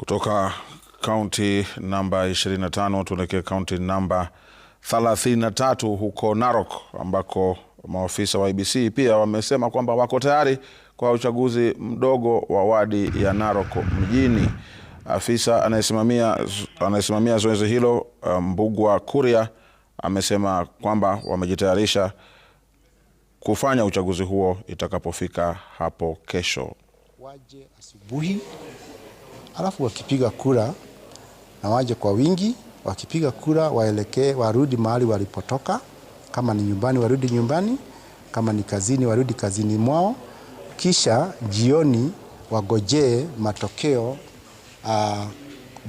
Kutoka kaunti namba 25 tuelekee kaunti namba 33 huko Narok ambako maofisa wa IEBC pia wamesema kwamba wako tayari kwa uchaguzi mdogo wa wadi ya Narok mjini. Afisa anayesimamia anayesimamia zoezi hilo uh, Mbugua Kuria amesema kwamba wamejitayarisha kufanya uchaguzi huo itakapofika hapo kesho. Waje asubuhi alafu wakipiga kura na waje kwa wingi. Wakipiga kura waelekee, warudi mahali walipotoka. Kama ni nyumbani, warudi nyumbani. Kama ni kazini, warudi kazini mwao. Kisha jioni wagojee matokeo uh,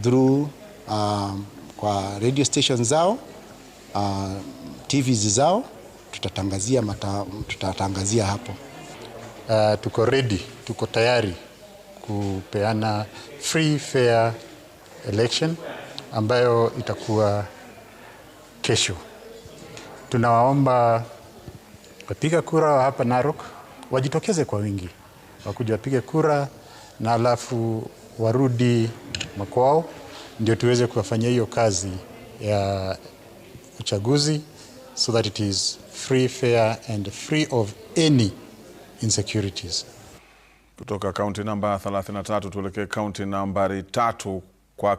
through uh, kwa radio station zao uh, ah, TVs zao tutatangazia, mata, tutatangazia hapo. Uh, tuko ready, tuko tayari kupeana free fair election ambayo itakuwa kesho. Tunawaomba wapiga kura wa hapa Narok wajitokeze kwa wingi, wakuja wapige kura na alafu warudi makwao, ndio tuweze kuwafanyia hiyo kazi ya uchaguzi so that it is free fair and free of any insecurities. Kutoka kaunti namba 33 tuelekee kaunti nambari tatu